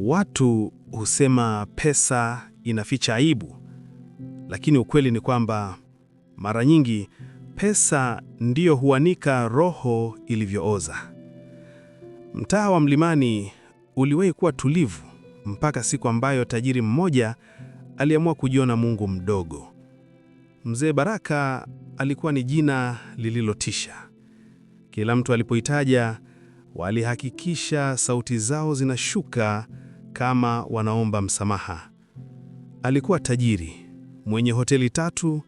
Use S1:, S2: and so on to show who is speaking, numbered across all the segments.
S1: Watu husema pesa inaficha aibu, lakini ukweli ni kwamba mara nyingi pesa ndiyo huanika roho ilivyooza. Mtaa wa Mlimani uliwahi kuwa tulivu mpaka siku ambayo tajiri mmoja aliamua kujiona Mungu mdogo. Mzee Baraka alikuwa ni jina lililotisha. Kila mtu alipoitaja walihakikisha sauti zao zinashuka kama wanaomba msamaha. Alikuwa tajiri mwenye hoteli tatu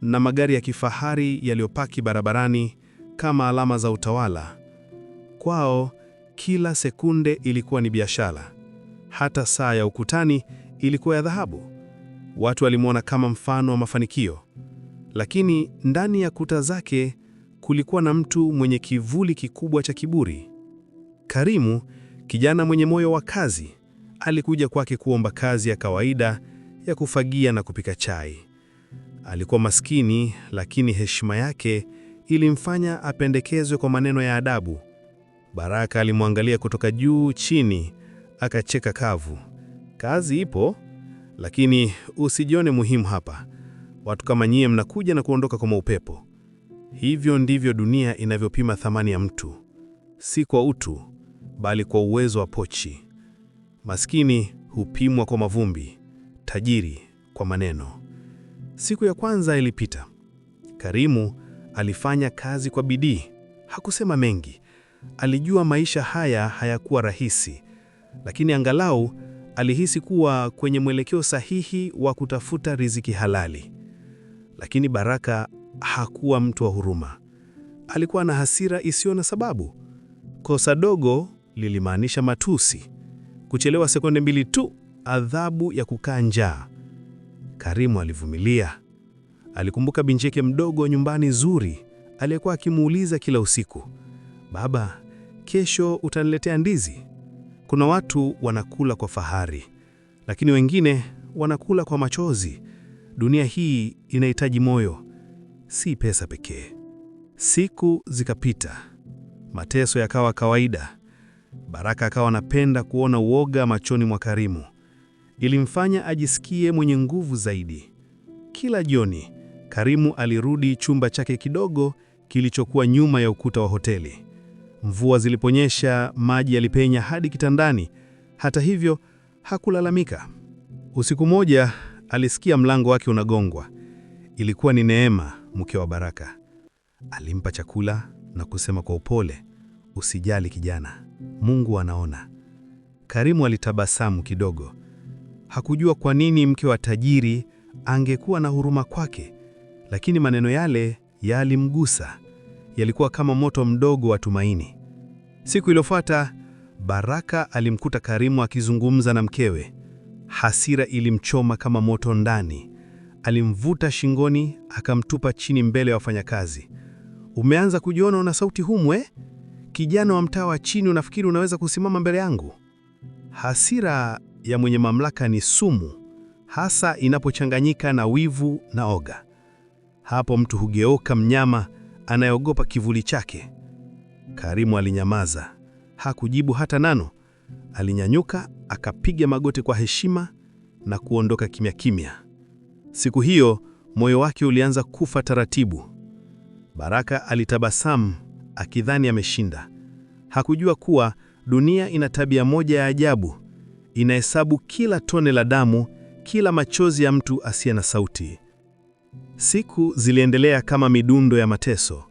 S1: na magari ya kifahari yaliyopaki barabarani kama alama za utawala. Kwao kila sekunde ilikuwa ni biashara, hata saa ya ukutani ilikuwa ya dhahabu. Watu walimwona kama mfano wa mafanikio, lakini ndani ya kuta zake kulikuwa na mtu mwenye kivuli kikubwa cha kiburi. Karimu, kijana mwenye moyo wa kazi, alikuja kwake kuomba kazi ya kawaida ya kufagia na kupika chai. Alikuwa maskini, lakini heshima yake ilimfanya apendekezwe kwa maneno ya adabu. Baraka alimwangalia kutoka juu chini, akacheka kavu. Kazi ipo, lakini usijione muhimu hapa. Watu kama nyie mnakuja na kuondoka kama upepo. Hivyo ndivyo dunia inavyopima thamani ya mtu, si kwa utu, bali kwa uwezo wa pochi. Maskini hupimwa kwa mavumbi, tajiri kwa maneno. Siku ya kwanza ilipita. Karimu alifanya kazi kwa bidii, hakusema mengi. Alijua maisha haya hayakuwa rahisi, lakini angalau alihisi kuwa kwenye mwelekeo sahihi wa kutafuta riziki halali. Lakini Baraka hakuwa mtu wa huruma. Alikuwa na hasira isiyo na sababu. Kosa dogo lilimaanisha matusi. Kuchelewa sekunde mbili tu, adhabu ya kukaa njaa. Karimu alivumilia. Alikumbuka yake mdogo nyumbani zuri aliyekuwa akimuuliza kila usiku, baba, kesho utaniletea ndizi? Kuna watu wanakula kwa fahari, lakini wengine wanakula kwa machozi. Dunia hii inahitaji moyo, si pesa pekee. Siku zikapita, mateso yakawa kawaida. Baraka akawa anapenda kuona uoga machoni mwa Karimu. Ilimfanya ajisikie mwenye nguvu zaidi. Kila jioni, Karimu alirudi chumba chake kidogo kilichokuwa nyuma ya ukuta wa hoteli. Mvua ziliponyesha, maji yalipenya hadi kitandani. Hata hivyo, hakulalamika. Usiku moja, alisikia mlango wake unagongwa. Ilikuwa ni Neema, mke wa Baraka. Alimpa chakula na kusema kwa upole, "Usijali kijana." Mungu anaona. Karimu alitabasamu kidogo. Hakujua kwa nini mke wa tajiri angekuwa na huruma kwake, lakini maneno yale yalimgusa. Yalikuwa kama moto mdogo wa tumaini. Siku iliyofuata, Baraka alimkuta Karimu akizungumza na mkewe. Hasira ilimchoma kama moto ndani. Alimvuta shingoni, akamtupa chini mbele ya wafanyakazi. Umeanza kujiona una sauti humwe? Eh? kijana wa mtaa wa chini, unafikiri unaweza kusimama mbele yangu? Hasira ya mwenye mamlaka ni sumu, hasa inapochanganyika na wivu na oga. Hapo mtu hugeuka mnyama anayeogopa kivuli chake. Karimu alinyamaza, hakujibu hata nano Alinyanyuka, akapiga magoti kwa heshima na kuondoka kimya kimya. Siku hiyo moyo wake ulianza kufa taratibu. Baraka alitabasamu akidhani ameshinda. Hakujua kuwa dunia ina tabia moja ya ajabu, inahesabu kila tone la damu, kila machozi ya mtu asiye na sauti. Siku ziliendelea kama midundo ya mateso.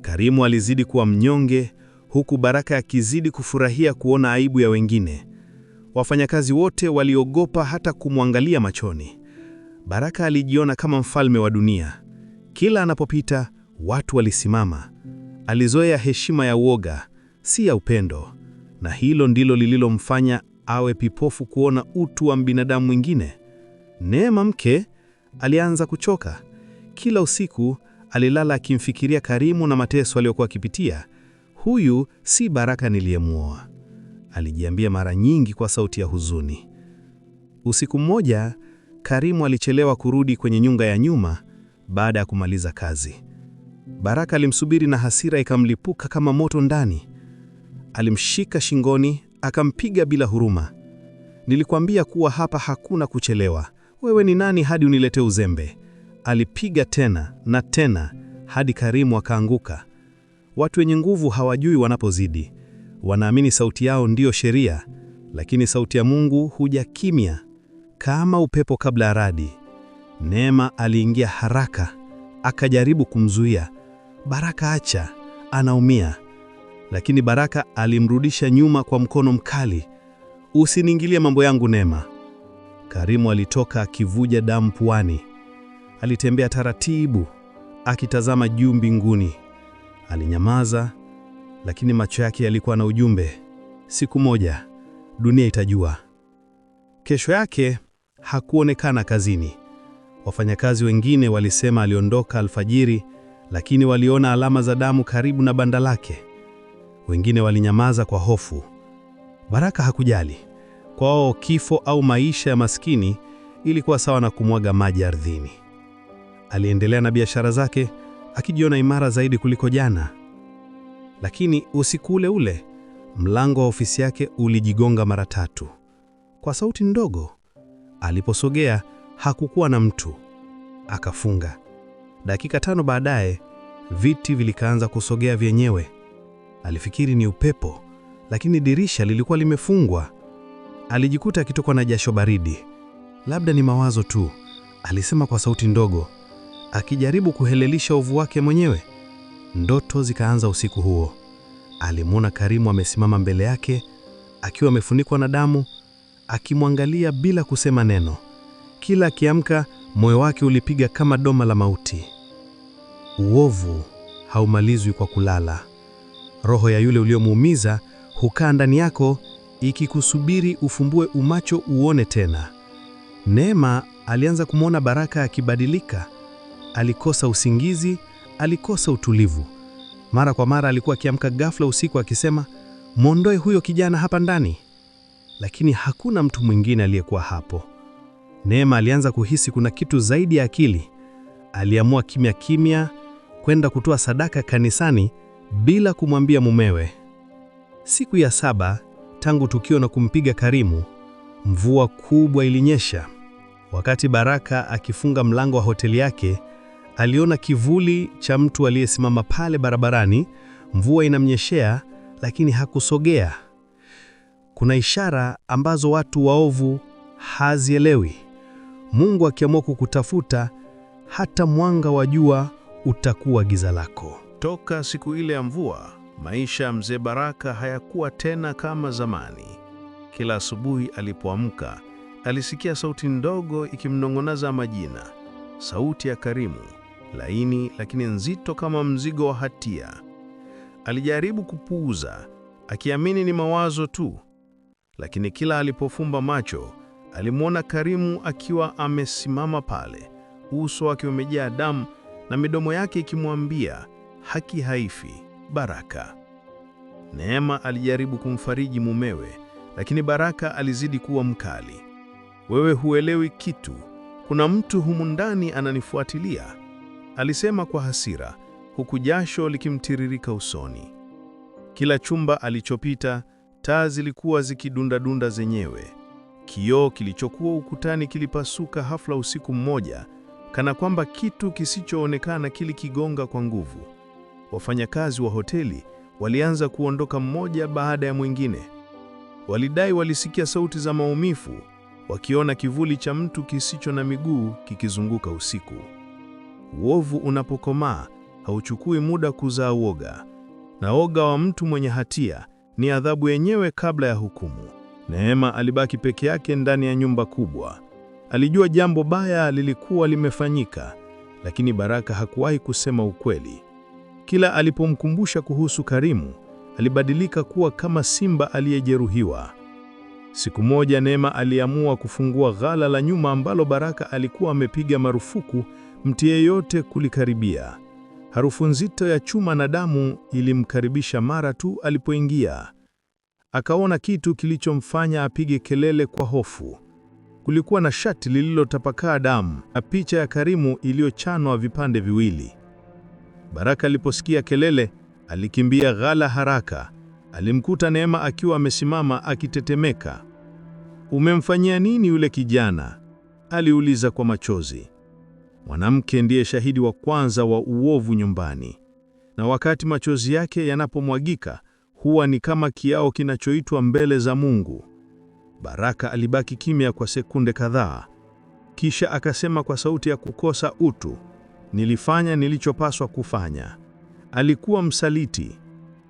S1: Karimu alizidi kuwa mnyonge, huku Baraka akizidi kufurahia kuona aibu ya wengine. Wafanyakazi wote waliogopa hata kumwangalia machoni. Baraka alijiona kama mfalme wa dunia. Kila anapopita, watu walisimama. Alizoea heshima ya uoga si ya upendo, na hilo ndilo lililomfanya awe pipofu kuona utu wa binadamu mwingine. Neema mke alianza kuchoka. Kila usiku alilala akimfikiria Karimu na mateso aliyokuwa akipitia. Huyu si Baraka niliyemwoa, alijiambia mara nyingi kwa sauti ya huzuni. Usiku mmoja Karimu alichelewa kurudi kwenye nyunga ya nyuma baada ya kumaliza kazi. Baraka alimsubiri na hasira ikamlipuka kama moto ndani. Alimshika shingoni, akampiga bila huruma. Nilikwambia kuwa hapa hakuna kuchelewa. Wewe ni nani hadi unilete uzembe? Alipiga tena na tena hadi Karimu akaanguka. Watu wenye nguvu hawajui wanapozidi. Wanaamini sauti yao ndiyo sheria, lakini sauti ya Mungu huja kimya kama upepo kabla ya radi. Neema aliingia haraka, akajaribu kumzuia, Baraka acha, anaumia. Lakini Baraka alimrudisha nyuma kwa mkono mkali. Usiniingilie mambo yangu, Neema. Karimu alitoka akivuja damu puani. Alitembea taratibu akitazama juu mbinguni. Alinyamaza, lakini macho yake yalikuwa na ujumbe. Siku moja dunia itajua. Kesho yake hakuonekana kazini. Wafanyakazi wengine walisema aliondoka alfajiri lakini waliona alama za damu karibu na banda lake. Wengine walinyamaza kwa hofu. Baraka hakujali. Kwao kifo au maisha ya maskini ilikuwa sawa na kumwaga maji ardhini. Aliendelea na biashara zake akijiona imara zaidi kuliko jana. Lakini usiku ule ule, mlango wa ofisi yake ulijigonga mara tatu kwa sauti ndogo. Aliposogea hakukuwa na mtu. Akafunga. Dakika tano baadaye viti vilikaanza kusogea vyenyewe. Alifikiri ni upepo, lakini dirisha lilikuwa limefungwa. Alijikuta akitokwa na jasho baridi. Labda ni mawazo tu, alisema kwa sauti ndogo, akijaribu kuhelelisha ovu wake mwenyewe. Ndoto zikaanza usiku huo. Alimwona Karimu amesimama mbele yake akiwa amefunikwa na damu, akimwangalia bila kusema neno. Kila akiamka, moyo wake ulipiga kama doma la mauti. Uovu haumalizwi kwa kulala. Roho ya yule uliomuumiza hukaa ndani yako ikikusubiri ufumbue umacho uone tena. Neema alianza kumwona Baraka akibadilika. Alikosa usingizi, alikosa utulivu. Mara kwa mara alikuwa akiamka ghafla usiku akisema, mwondoe huyo kijana hapa ndani, lakini hakuna mtu mwingine aliyekuwa hapo. Neema alianza kuhisi kuna kitu zaidi ya akili. Aliamua kimya kimya kwenda kutoa sadaka kanisani bila kumwambia mumewe. Siku ya saba tangu tukio na kumpiga Karimu, mvua kubwa ilinyesha. Wakati Baraka akifunga mlango wa hoteli yake, aliona kivuli cha mtu aliyesimama pale barabarani. Mvua inamnyeshea lakini hakusogea. Kuna ishara ambazo watu waovu hazielewi. Mungu akiamua kukutafuta, hata mwanga wa jua utakuwa giza lako.
S2: Toka siku ile ya mvua, maisha ya mzee Baraka hayakuwa tena kama zamani. Kila asubuhi alipoamka, alisikia sauti ndogo ikimnong'onaza majina, sauti ya Karimu, laini lakini nzito kama mzigo wa hatia. Alijaribu kupuuza, akiamini ni mawazo tu, lakini kila alipofumba macho alimwona Karimu akiwa amesimama pale, uso wake umejaa damu na midomo yake ikimwambia haki haifi, Baraka. Neema alijaribu kumfariji mumewe, lakini Baraka alizidi kuwa mkali. Wewe huelewi kitu, kuna mtu humu ndani ananifuatilia, alisema kwa hasira, huku jasho likimtiririka usoni. Kila chumba alichopita taa zilikuwa zikidundadunda zenyewe. Kioo kilichokuwa ukutani kilipasuka hafla usiku mmoja kana kwamba kitu kisichoonekana kilikigonga kwa nguvu. Wafanyakazi wa hoteli walianza kuondoka mmoja baada ya mwingine. Walidai walisikia sauti za maumivu, wakiona kivuli cha mtu kisicho na miguu kikizunguka usiku. Uovu unapokomaa hauchukui muda kuzaa woga, na woga wa mtu mwenye hatia ni adhabu yenyewe kabla ya hukumu. Neema alibaki peke yake ndani ya nyumba kubwa. Alijua jambo baya lilikuwa limefanyika, lakini Baraka hakuwahi kusema ukweli. Kila alipomkumbusha kuhusu Karimu, alibadilika kuwa kama simba aliyejeruhiwa. Siku moja Neema aliamua kufungua ghala la nyuma ambalo Baraka alikuwa amepiga marufuku mtu yeyote kulikaribia. Harufu nzito ya chuma na damu ilimkaribisha mara tu alipoingia. Akaona kitu kilichomfanya apige kelele kwa hofu. Kulikuwa na shati lililotapakaa damu na picha ya Karimu iliyochanwa vipande viwili. Baraka aliposikia kelele, alikimbia ghala haraka. Alimkuta Neema akiwa amesimama akitetemeka. Umemfanyia nini yule kijana? aliuliza kwa machozi. Mwanamke ndiye shahidi wa kwanza wa uovu nyumbani, na wakati machozi yake yanapomwagika huwa ni kama kiao kinachoitwa mbele za Mungu. Baraka alibaki kimya kwa sekunde kadhaa, kisha akasema kwa sauti ya kukosa utu, nilifanya nilichopaswa kufanya. Alikuwa msaliti,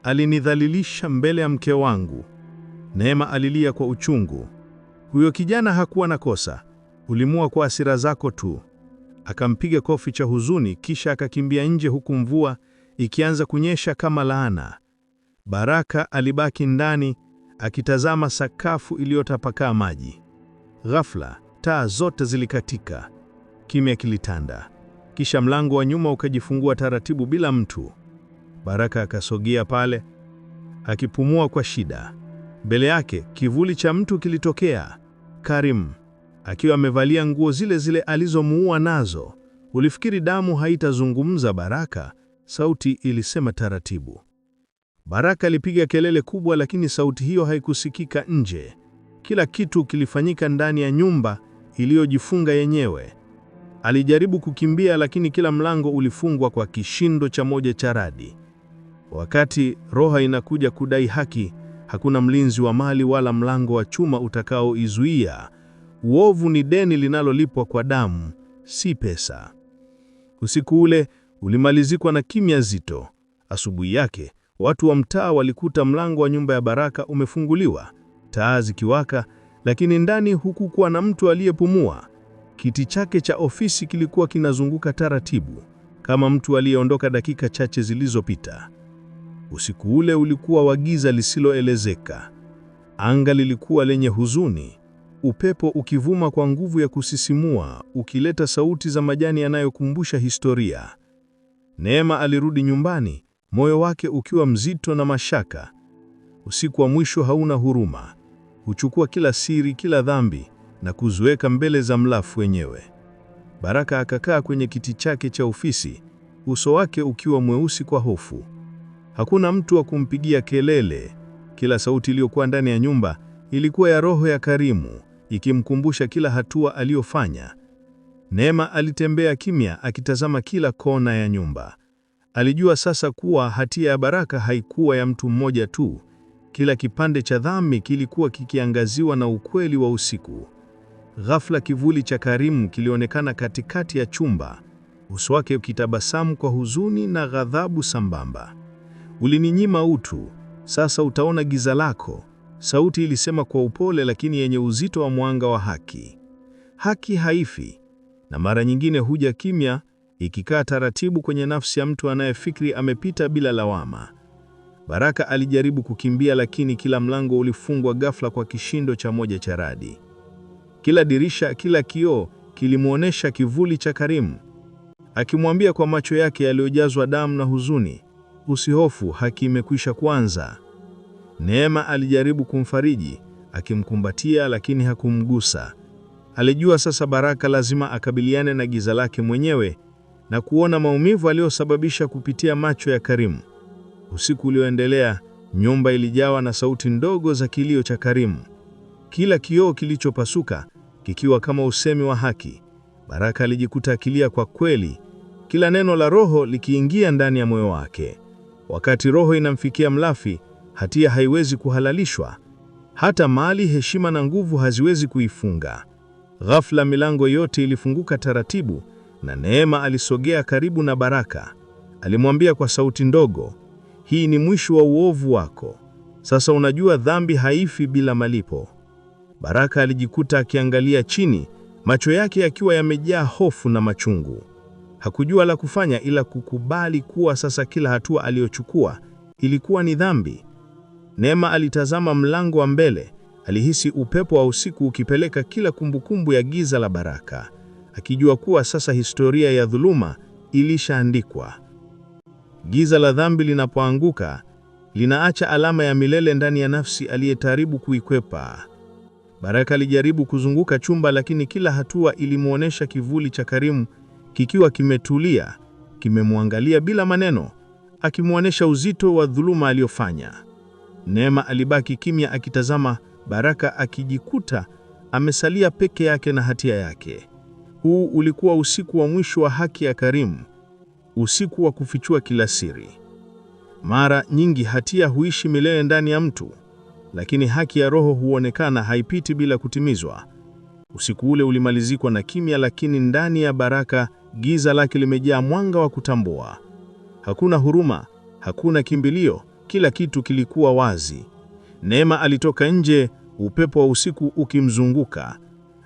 S2: alinidhalilisha mbele ya mke wangu. Neema alilia kwa uchungu, huyo kijana hakuwa na kosa, ulimua kwa hasira zako tu. Akampiga kofi cha huzuni, kisha akakimbia nje, huku mvua ikianza kunyesha kama laana. Baraka alibaki ndani akitazama sakafu iliyotapakaa maji. Ghafla taa zote zilikatika, kimya kilitanda, kisha mlango wa nyuma ukajifungua taratibu bila mtu. Baraka akasogea pale akipumua kwa shida. Mbele yake kivuli cha mtu kilitokea, Karim akiwa amevalia nguo zile zile alizomuua nazo. Ulifikiri damu haitazungumza, Baraka? Sauti ilisema taratibu. Baraka alipiga kelele kubwa, lakini sauti hiyo haikusikika nje. Kila kitu kilifanyika ndani ya nyumba iliyojifunga yenyewe. Alijaribu kukimbia, lakini kila mlango ulifungwa kwa kishindo cha moja cha radi. Wakati roho inakuja kudai haki, hakuna mlinzi wa mali wala mlango wa chuma utakaoizuia. Uovu ni deni linalolipwa kwa damu, si pesa. Usiku ule ulimalizikwa na kimya zito. Asubuhi yake Watu wa mtaa walikuta mlango wa nyumba ya Baraka umefunguliwa, taa zikiwaka, lakini ndani hukukuwa na mtu aliyepumua. Kiti chake cha ofisi kilikuwa kinazunguka taratibu kama mtu aliyeondoka dakika chache zilizopita. Usiku ule ulikuwa wa giza lisiloelezeka. Anga lilikuwa lenye huzuni, upepo ukivuma kwa nguvu ya kusisimua, ukileta sauti za majani yanayokumbusha historia. Neema alirudi nyumbani moyo wake ukiwa mzito na mashaka. Usiku wa mwisho hauna huruma, huchukua kila siri, kila dhambi na kuziweka mbele za mlafu wenyewe. Baraka akakaa kwenye kiti chake cha ofisi, uso wake ukiwa mweusi kwa hofu. Hakuna mtu wa kumpigia kelele. Kila sauti iliyokuwa ndani ya nyumba ilikuwa ya roho ya Karimu, ikimkumbusha kila hatua aliyofanya. Neema alitembea kimya, akitazama kila kona ya nyumba. Alijua sasa kuwa hatia ya Baraka haikuwa ya mtu mmoja tu. Kila kipande cha dhambi kilikuwa kikiangaziwa na ukweli wa usiku. Ghafla kivuli cha Karimu kilionekana katikati ya chumba, uso wake ukitabasamu kwa huzuni na ghadhabu sambamba. Ulininyima utu, sasa utaona giza lako, sauti ilisema kwa upole lakini yenye uzito wa mwanga wa haki. Haki haifi, na mara nyingine huja kimya ikikaa taratibu kwenye nafsi ya mtu anayefikiri amepita bila lawama. Baraka alijaribu kukimbia, lakini kila mlango ulifungwa ghafla kwa kishindo cha moja cha radi. Kila dirisha, kila kioo kilimwonyesha kivuli cha Karimu, akimwambia kwa macho yake yaliyojazwa damu na huzuni, usihofu, haki imekwisha kuanza. Neema alijaribu kumfariji akimkumbatia, lakini hakumgusa. Alijua sasa Baraka lazima akabiliane na giza lake mwenyewe na kuona maumivu aliyosababisha kupitia macho ya Karimu. Usiku ulioendelea, nyumba ilijawa na sauti ndogo za kilio cha Karimu, kila kioo kilichopasuka kikiwa kama usemi wa haki. Baraka alijikuta akilia kwa kweli, kila neno la roho likiingia ndani ya moyo wake. Wakati roho inamfikia mlafi, hatia haiwezi kuhalalishwa, hata mali, heshima na nguvu haziwezi kuifunga. Ghafla milango yote ilifunguka taratibu na Neema alisogea karibu na Baraka. Alimwambia kwa sauti ndogo, hii ni mwisho wa uovu wako. Sasa unajua dhambi haifi bila malipo. Baraka alijikuta akiangalia chini, macho yake yakiwa yamejaa hofu na machungu. Hakujua la kufanya ila kukubali kuwa sasa kila hatua aliyochukua ilikuwa ni dhambi. Neema alitazama mlango wa mbele, alihisi upepo wa usiku ukipeleka kila kumbukumbu ya giza la Baraka akijua kuwa sasa historia ya dhuluma ilishaandikwa. Giza la dhambi linapoanguka linaacha alama ya milele ndani ya nafsi aliyetaribu kuikwepa. Baraka alijaribu kuzunguka chumba, lakini kila hatua ilimwonyesha kivuli cha Karimu kikiwa kimetulia, kimemwangalia bila maneno, akimwonyesha uzito wa dhuluma aliyofanya. Neema alibaki kimya akitazama, Baraka akijikuta amesalia peke yake na hatia yake. Huu ulikuwa usiku wa mwisho wa haki ya Karimu, usiku wa kufichua kila siri. Mara nyingi hatia huishi milele ndani ya mtu, lakini haki ya roho huonekana haipiti bila kutimizwa. Usiku ule ulimalizikwa na kimya, lakini ndani ya Baraka giza lake limejaa mwanga wa kutambua. Hakuna huruma, hakuna kimbilio, kila kitu kilikuwa wazi. Neema alitoka nje, upepo wa usiku ukimzunguka.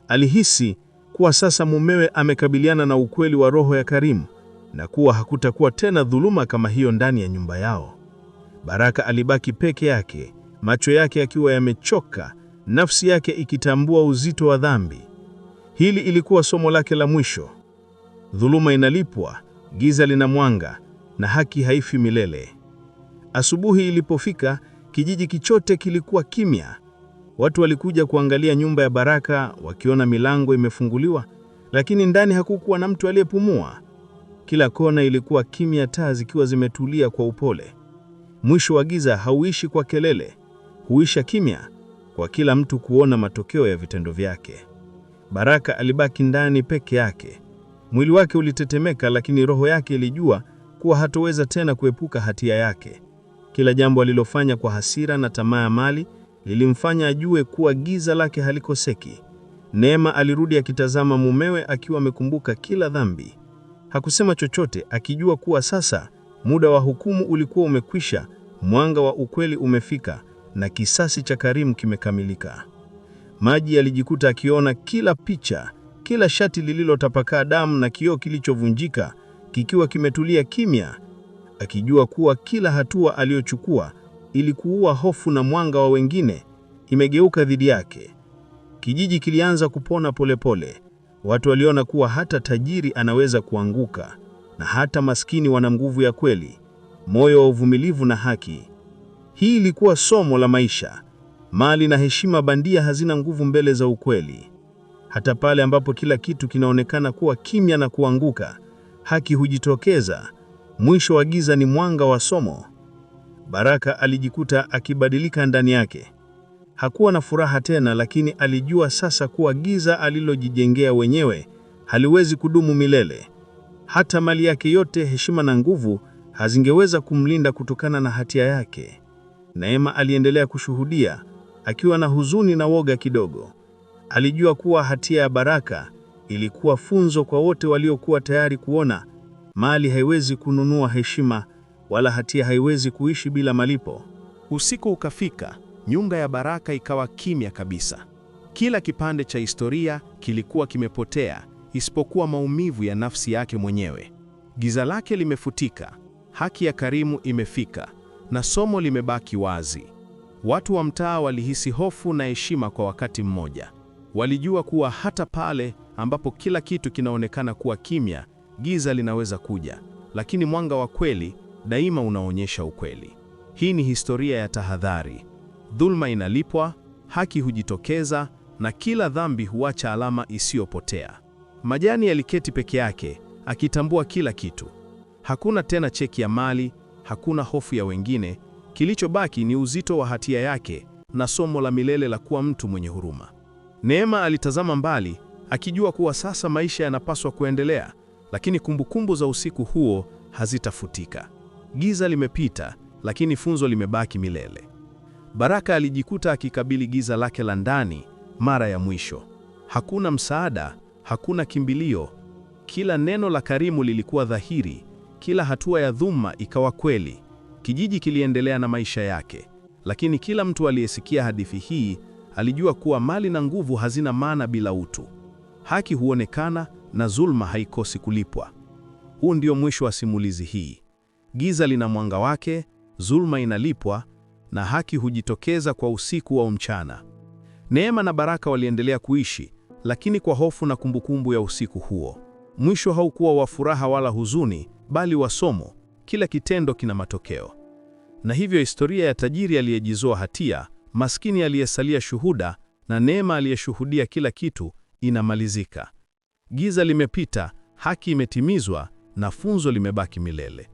S2: Alihisi kuwa sasa mumewe amekabiliana na ukweli wa roho ya Karimu na kuwa hakutakuwa tena dhuluma kama hiyo ndani ya nyumba yao. Baraka alibaki peke yake, macho yake akiwa yamechoka, nafsi yake ikitambua uzito wa dhambi. Hili ilikuwa somo lake la mwisho. Dhuluma inalipwa, giza lina mwanga, na haki haifi milele. Asubuhi ilipofika, kijiji kichote kilikuwa kimya. Watu walikuja kuangalia nyumba ya Baraka wakiona milango imefunguliwa, lakini ndani hakukuwa na mtu aliyepumua. Kila kona ilikuwa kimya, taa zikiwa zimetulia kwa upole. Mwisho wa giza hauishi kwa kelele, huisha kimya, kwa kila mtu kuona matokeo ya vitendo vyake. Baraka alibaki ndani peke yake. Mwili wake ulitetemeka, lakini roho yake ilijua kuwa hatoweza tena kuepuka hatia yake. Kila jambo alilofanya kwa hasira na tamaa ya mali lilimfanya ajue kuwa giza lake halikoseki. Neema alirudi akitazama mumewe akiwa amekumbuka kila dhambi. Hakusema chochote akijua kuwa sasa muda wa hukumu ulikuwa umekwisha, mwanga wa ukweli umefika na kisasi cha Karimu kimekamilika. Maji alijikuta akiona kila picha, kila shati lililotapakaa damu na kioo kilichovunjika kikiwa kimetulia kimya, akijua kuwa kila hatua aliyochukua ili kuua hofu na mwanga wa wengine, imegeuka dhidi yake. Kijiji kilianza kupona polepole pole. Watu waliona kuwa hata tajiri anaweza kuanguka na hata maskini wana nguvu ya kweli, moyo wa uvumilivu na haki. Hii ilikuwa somo la maisha. Mali na heshima bandia hazina nguvu mbele za ukweli. Hata pale ambapo kila kitu kinaonekana kuwa kimya na kuanguka, haki hujitokeza. Mwisho wa giza ni mwanga wa somo. Baraka alijikuta akibadilika ndani yake. Hakuwa na furaha tena, lakini alijua sasa kuwa giza alilojijengea wenyewe haliwezi kudumu milele. Hata mali yake yote, heshima na nguvu hazingeweza kumlinda kutokana na hatia yake. Neema aliendelea kushuhudia akiwa na huzuni na woga kidogo. Alijua kuwa hatia ya Baraka ilikuwa funzo kwa wote waliokuwa tayari kuona mali haiwezi kununua heshima wala hatia haiwezi kuishi bila malipo.
S3: Usiku ukafika, nyunga ya Baraka ikawa kimya kabisa. Kila kipande cha historia kilikuwa kimepotea isipokuwa maumivu ya nafsi yake mwenyewe. Giza lake limefutika, haki ya Karimu imefika, na somo limebaki wazi. Watu wa mtaa walihisi hofu na heshima kwa wakati mmoja. Walijua kuwa hata pale ambapo kila kitu kinaonekana kuwa kimya, giza linaweza kuja, lakini mwanga wa kweli daima unaonyesha ukweli. Hii ni historia ya tahadhari. Dhulma inalipwa, haki hujitokeza, na kila dhambi huacha alama isiyopotea. Majani aliketi peke yake akitambua kila kitu. Hakuna tena cheki ya mali, hakuna hofu ya wengine. Kilichobaki ni uzito wa hatia yake na somo la milele la kuwa mtu mwenye huruma. Neema alitazama mbali, akijua kuwa sasa maisha yanapaswa kuendelea, lakini kumbukumbu za usiku huo hazitafutika. Giza limepita, lakini funzo limebaki milele. Baraka alijikuta akikabili giza lake la ndani mara ya mwisho. Hakuna msaada, hakuna kimbilio. Kila neno la Karimu lilikuwa dhahiri, kila hatua ya Dhuma ikawa kweli. Kijiji kiliendelea na maisha yake, lakini kila mtu aliyesikia hadithi hii alijua kuwa mali na nguvu hazina maana bila utu. Haki huonekana na dhulma haikosi kulipwa. Huu ndio mwisho wa simulizi hii. Giza lina mwanga wake, dhulma inalipwa, na haki hujitokeza kwa usiku au mchana. Neema na Baraka waliendelea kuishi, lakini kwa hofu na kumbukumbu ya usiku huo. Mwisho haukuwa wa furaha wala huzuni, bali wa somo. Kila kitendo kina matokeo. Na hivyo historia ya tajiri aliyejizoa hatia, maskini aliyesalia shuhuda, na Neema aliyeshuhudia kila kitu inamalizika. Giza limepita, haki imetimizwa, na funzo limebaki milele.